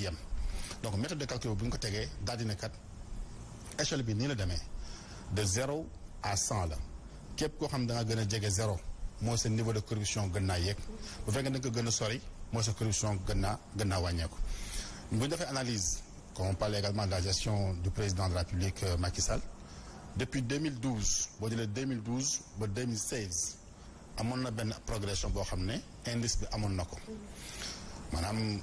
yem donc méthode de calcul bu ñu ko tegee daal di ne kat échelle bi ni la demee de zéro à cent la képp koo xam ne nga gën a jege zéro mooy sa niveau de corruption gën naa yéeg bu fekkee da nga ko gën sori mooy sa corruption gën naa gën naa wàññeeku. bu ñu defee analyse comme on parle également de la gestion du président de la République euh, Macky Sall depuis 2012 boo jëlee 2012 ba 2016 amoon na benn progression boo xam ne indice bi amoon na ko maanaam.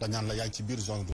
dañaan la yaay ci biir zone